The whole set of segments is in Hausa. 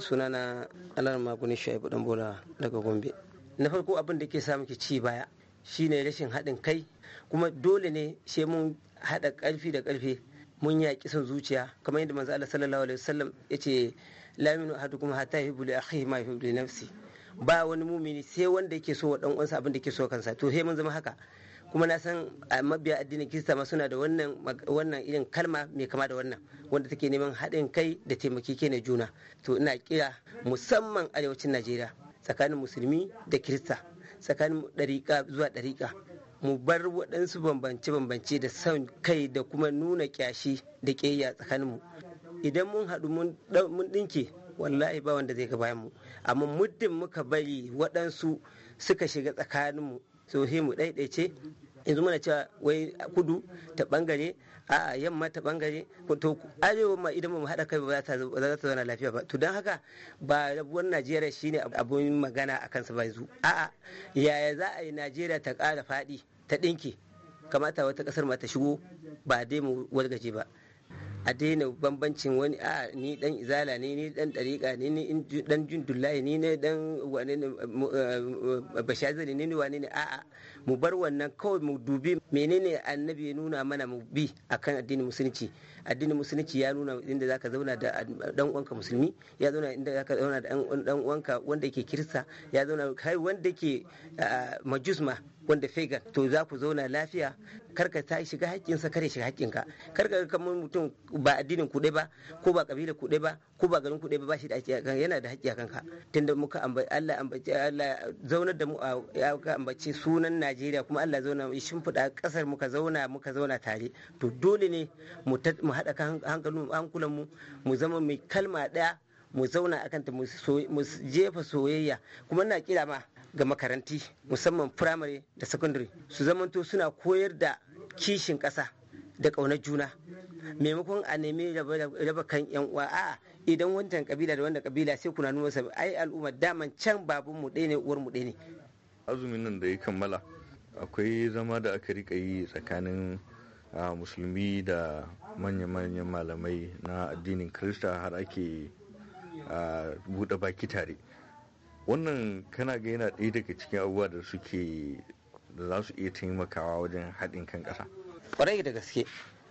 sunana alar maguni shaibu dan bola daga gombe na farko abin da ke samu muke ci baya shine rashin haɗin kai kuma dole ne sai mun haɗa ƙarfi da ƙarfe mun yaƙi son zuciya kamar yadda manzo Allah sallallahu alaihi wasallam yace la ahadukum hatta yuhibbu li akhihi ma yuhibbu li nafsi ba wani mumini sai wanda yake so wa dan uwansa abin da yake so kansa to sai mun zama haka kuma na san mabiya addinin kirista ma suna da wannan wannan irin kalma mai kama da wannan wanda take neman haɗin kai da taimakeke na juna to ina kira musamman arewacin najeriya tsakanin musulmi da kirista tsakanin ɗariƙa zuwa ɗariƙa mu bar waɗansu bambance-bambance da son kai da kuma nuna ƙyashi da ƙeya mu idan mun haɗu mun ɗinke wallahi ba wanda zai ga bayan mu amma muddin muka bari waɗansu suka shiga tsakanin tsakaninmu so mu ɗaiɗaice yanzu mana cewa wai kudu ta bangare a yamma ta bangare to arewa ma idan mu haɗa kai ba za ta zauna lafiya ba to don haka ba rabuwar najeriya shine abun magana a kansa ba yanzu a'a yaya za a yi najeriya ta kara fadi ta ɗinki kamata wata kasar ma ta shigo ba dai mu wargaje ba a daina bambancin wani a ni dan izala ne ni dan dariƙa ne ni dan jundullahi ni ne dan wane ne eh, eh, bashazari ne ni wane ne a'a mu bar wannan kawai mu dubi menene annabi ya nuna mana mu bi akan addinin musulunci addinin musulunci ya nuna inda zaka zauna da dan uwanka musulmi ya zauna inda zaka zauna da dan uwanka wanda yake kirista ya zauna kai wanda yake eh, majusma wanda fegan to za ku zauna lafiya karka ta shiga haƙƙinsa kare shiga haƙƙinka karka ga kamar mutum ba addinin kuɗi ba ko ba kabila kuɗe ba ko ba garin kuɗe ba ba shi da haƙƙi kan yana da haƙƙi akan ka tunda muka ambaci Allah ambaci Allah zaunar da mu ya ka ambaci sunan Najeriya kuma Allah zauna mu shimfiɗa ƙasar muka zauna muka zauna tare to dole ne mu haɗa hankalin hankulan mu mu zama mai kalma ɗaya mu zauna a kanta mu jefa soyayya kuma na kira ma ga makaranti musamman firamare da sakandare su zamanto suna koyar da kishin ƙasa da ƙaunar juna maimakon a nemi raba kan yan uwa a idan wancan kabila da wanda kabila sai kuna nuna sabi ai al'umma daman can babu mu ɗaya ne uwar mu ɗaya ne azumin nan da ya kammala akwai zama da aka rika yi tsakanin ah, musulmi da manya-manyan malamai na addinin krista har ake a buɗe baki tare wannan kana ga yana ɗaya daga cikin abubuwa da suke da za su iya taimakawa wajen haɗin kan ƙasa ƙwarai da gaske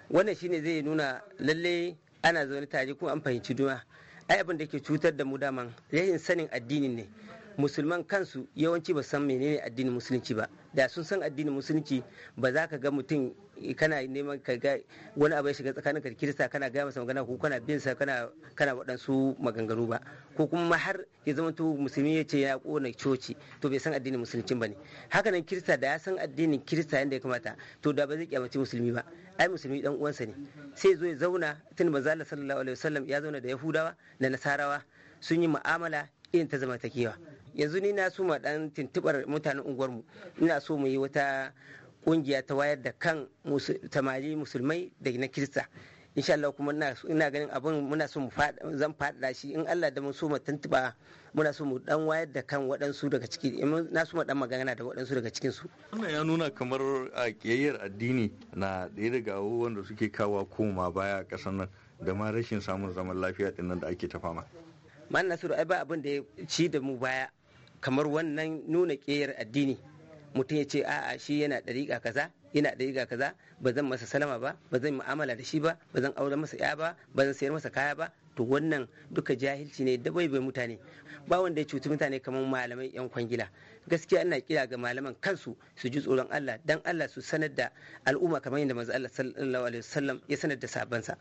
wannan shine zai nuna lalle ana zaune tare kuma an fahimci juna ai abin da ke cutar da mu daman rashin sanin addini ne musulman kansu yawanci ba san menene addinin musulunci ba da sun san addinin musulunci ba za ka ga mutum kana neman ka ga wani abu ya shiga tsakanin ka kirista kana gaya masa magana ko kana bin sa kana kana waɗansu maganganu ba ko kuma har ya zama to musulmi ya ce ya kona coci to bai san addinin musulunci ba ne haka nan kirista da ya san addinin kirista yadda ya kamata to da ba zai kyamaci musulmi ba ai musulmi dan uwansa ne sai zo ya zauna tun manzo Allah sallallahu alaihi wasallam ya zauna da yahudawa da nasarawa sun yi mu'amala irin ta zama zamantakewa yanzu ni na so ma dan tuntubar mutanen mu ina so mu yi wata kungiya ta wayar da kan tamari musulmai da na kirista insha Allah kuma ina ganin abin muna so mu zan faɗa shi in Allah da mun so mu tuntuba muna so mu dan wayar da kan waɗansu daga ciki na so mu dan magana da waɗansu daga cikin su wannan ya nuna kamar a kiyayyar addini na ɗaya daga abubuwan wanda suke kawo koma baya a ƙasar nan da ma rashin samun zaman lafiya ɗin nan da ake ta fama man nasiru ai ba abin da ya ci da mu baya kamar wannan nuna ƙeyar addini mutum ya ce a'a shi yana ɗariƙa kaza yana ɗariƙa kaza ba zan masa salama ba ba zan mu'amala da shi ba ba zan aure masa ya ba ba zan sayar masa kaya ba to wannan duka jahilci ne da bai mutane ba wanda ya cuci mutane kamar malamai yan kwangila gaskiya ina kira ga malaman kansu su ji tsoron Allah dan Allah su sanar da al'umma kamar yadda manzo Allah sallallahu alaihi wasallam ya sanar da sabansa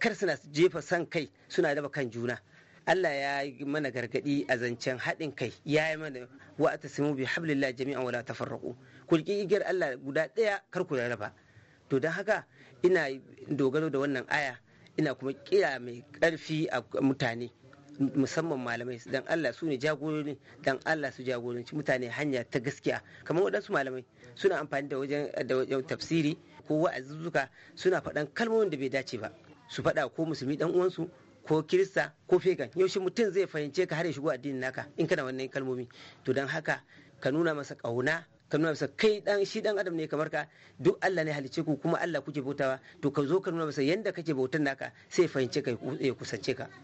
kar suna jefa san kai suna raba kan juna Allah ya yi mana gargadi a zancen haɗin kai ya yi mana wa atasimu bi hablillah jami'an wala tafarraqu ku igiyar Allah guda ɗaya kar ku rarraba to don haka ina dogaro da wannan aya ina kuma kira mai ƙarfi a mutane musamman malamai dan Allah su ne jagorori dan Allah su jagoranci mutane hanya ta gaskiya kamar waɗansu malamai suna amfani da wajen da wajen tafsiri ko wa'azuzzuka suna faɗan kalmomin da bai dace ba su faɗa ko musulmi dan uwansu ko kirista ko fegan yaushe mutum zai fahimce ka har ya shigo addinin naka in kana wannan kalmomi to don haka ka nuna masa ƙauna ka nuna masa kai dan shi dan adam ne kamar ka duk Allah ne halice ku kuma Allah kuke bautawa to ka zo ka nuna masa yanda kake bautar naka sai fahimce ka ya kusance ka